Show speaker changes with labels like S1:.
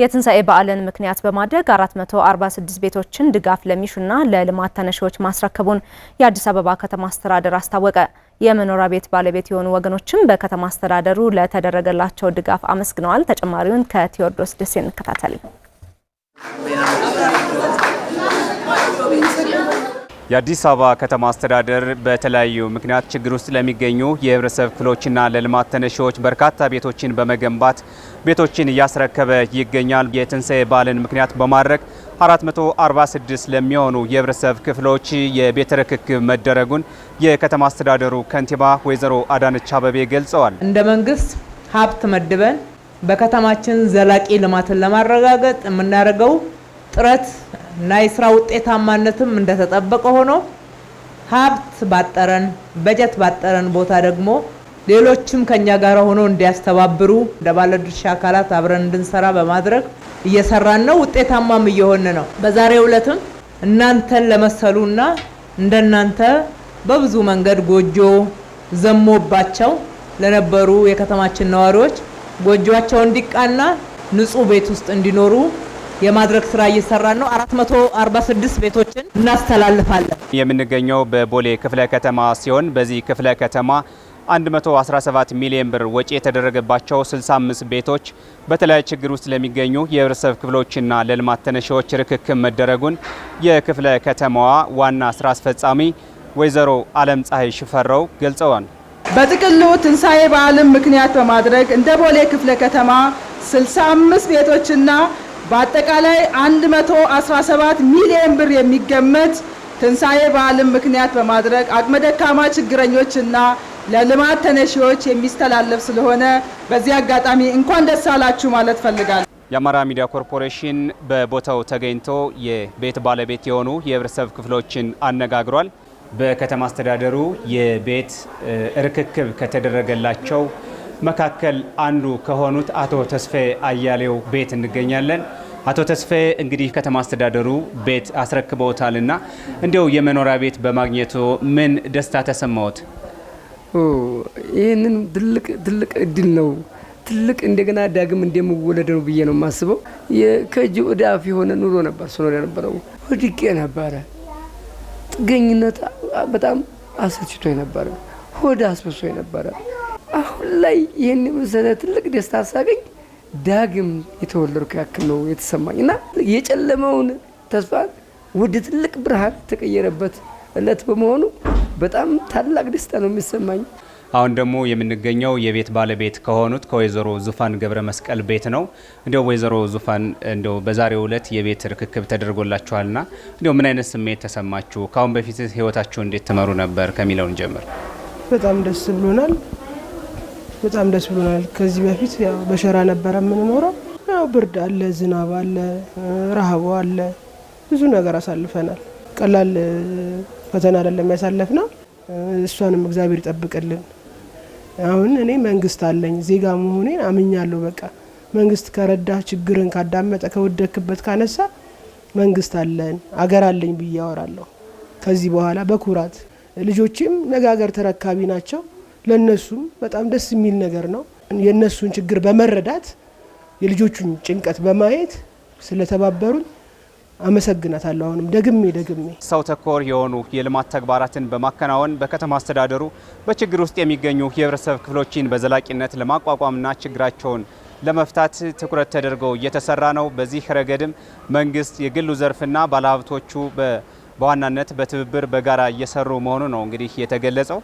S1: የትንሣኤ በዓልን ምክንያት በማድረግ 446 ቤቶችን ድጋፍ ለሚሹና ለልማት ተነሺዎች ማስረከቡን የአዲስ አበባ ከተማ አስተዳደር አስታወቀ። የመኖሪያ ቤት ባለቤት የሆኑ ወገኖችም በከተማ አስተዳደሩ ለተደረገላቸው ድጋፍ አመስግነዋል። ተጨማሪውን ከቴዎድሮስ ደሴ እንከታተል።
S2: የአዲስ አበባ ከተማ አስተዳደር በተለያዩ ምክንያት ችግር ውስጥ ለሚገኙ የህብረተሰብ ክፍሎችና ለልማት ተነሺዎች በርካታ ቤቶችን በመገንባት ቤቶችን እያስረከበ ይገኛል። የትንሣኤ በዓልን ምክንያት በማድረግ 446 ለሚሆኑ የህብረተሰብ ክፍሎች የቤት ርክክብ መደረጉን የከተማ አስተዳደሩ ከንቲባ ወይዘሮ አዳነች አበቤ ገልጸዋል።
S3: እንደ መንግስት ሀብት መድበን በከተማችን ዘላቂ ልማትን ለማረጋገጥ የምናደርገው ጥረት እና የስራ ውጤታማነትም እንደተጠበቀ ሆኖ ሀብት ባጠረን በጀት ባጠረን ቦታ ደግሞ ሌሎችም ከኛ ጋር ሆኖ እንዲያስተባብሩ እንደ ባለድርሻ አካላት አብረን እንድንሰራ በማድረግ እየሰራን ነው። ውጤታማም እየሆን ነው። በዛሬው ዕለትም እናንተን ለመሰሉና እንደናንተ በብዙ መንገድ ጎጆ ዘሞባቸው ለነበሩ የከተማችን ነዋሪዎች ጎጆቸው እንዲቃና ንጹህ ቤት ውስጥ እንዲኖሩ የማድረግ ስራ እየሰራን ነው። 446 ቤቶችን እናስተላልፋለን።
S2: የምንገኘው በቦሌ ክፍለ ከተማ ሲሆን በዚህ ክፍለ ከተማ 117 ሚሊዮን ብር ወጪ የተደረገባቸው 65 ቤቶች በተለያዩ ችግር ውስጥ ለሚገኙ የህብረተሰብ ክፍሎችና ለልማት ተነሺዎች ርክክብ መደረጉን የክፍለ ከተማዋ ዋና ስራ አስፈጻሚ ወይዘሮ አለም ፀሐይ ሽፈራው ገልጸዋል።
S4: በጥቅሉ ትንሣኤ በዓልን ምክንያት በማድረግ እንደ ቦሌ ክፍለ ከተማ 65 ቤቶችና በአጠቃላይ 117 ሚሊዮን ብር የሚገመት ትንሣኤ በዓልን ምክንያት በማድረግ አቅመ ደካማ ችግረኞችና ለልማት ተነሺዎች የሚስተላለፍ ስለሆነ በዚህ አጋጣሚ እንኳን ደስ አላችሁ ማለት ፈልጋለሁ።
S2: የአማራ ሚዲያ ኮርፖሬሽን በቦታው ተገኝቶ የቤት ባለቤት የሆኑ የህብረተሰብ ክፍሎችን አነጋግሯል። በከተማ አስተዳደሩ የቤት ርክክብ ከተደረገላቸው መካከል አንዱ ከሆኑት አቶ ተስፋዬ አያሌው ቤት እንገኛለን። አቶ ተስፋዬ እንግዲህ ከተማ አስተዳደሩ ቤት አስረክበውታልና እንዲያው የመኖሪያ ቤት በማግኘቱ ምን ደስታ ተሰማዎት?
S5: ይህንን ትልቅ ትልቅ እድል ነው። ትልቅ እንደገና ዳግም እንደምወለድ ነው ብዬ ነው የማስበው። ከእጅ ወደ አፍ የሆነ ኑሮ ነበር ስኖር የነበረው። ወድቄ ነበረ። ጥገኝነት በጣም አሰልችቶ ነበረ። ሆድ አስብሶ ነበረ። አሁን ላይ ይህን የመሰለ ትልቅ ደስታ ሳገኝ ዳግም የተወለድኩ ያክል ነው የተሰማኝ እና የጨለመውን ተስፋ ወደ ትልቅ ብርሃን የተቀየረበት እለት በመሆኑ በጣም ታላቅ ደስታ ነው የሚሰማኝ።
S2: አሁን ደግሞ የምንገኘው የቤት ባለቤት ከሆኑት ከወይዘሮ ዙፋን ገብረ መስቀል ቤት ነው። እንዲው ወይዘሮ ዙፋን እንዲያው በዛሬው ዕለት የቤት ርክክብ ተደርጎላችኋልና እንዲው ምን አይነት ስሜት ተሰማችሁ? ከአሁን በፊት ህይወታችሁ እንዴት ትመሩ ነበር ከሚለውን ጀምር።
S6: በጣም ደስ ብሎናል። በጣም ደስ ብሎናል። ከዚህ በፊት ያው በሸራ ነበረ የምንኖረው። ያው ብርድ አለ፣ ዝናብ አለ፣ ረሃቡ አለ፣ ብዙ ነገር አሳልፈናል። ቀላል ፈተና አይደለም ነው። እሷንም እግዚአብሔር ይጠብቅልን። አሁን እኔ መንግስት አለኝ ዜጋ መሆኔን አምኛለሁ። በቃ መንግስት ከረዳ ችግርን ካዳመጠ ከወደክበት ካነሳ መንግስት አለን አገር አለኝ ብዬ አወራለሁ። ከዚህ በኋላ በኩራት ልጆችም ነገ አገር ተረካቢ ናቸው። ለእነሱም በጣም ደስ የሚል ነገር ነው። የእነሱን ችግር በመረዳት የልጆቹን ጭንቀት በማየት ስለተባበሩን አመሰግናታለሁ። አሁንም ደግሜ ደግሜ
S2: ሰው ተኮር የሆኑ የልማት ተግባራትን በማከናወን በከተማ አስተዳደሩ በችግር ውስጥ የሚገኙ የህብረተሰብ ክፍሎችን በዘላቂነት ለማቋቋምና ችግራቸውን ለመፍታት ትኩረት ተደርገው እየተሰራ ነው። በዚህ ረገድም መንግስት፣ የግሉ ዘርፍና ባለሀብቶቹ በዋናነት በትብብር በጋራ እየሰሩ መሆኑ ነው እንግዲህ የተገለጸው።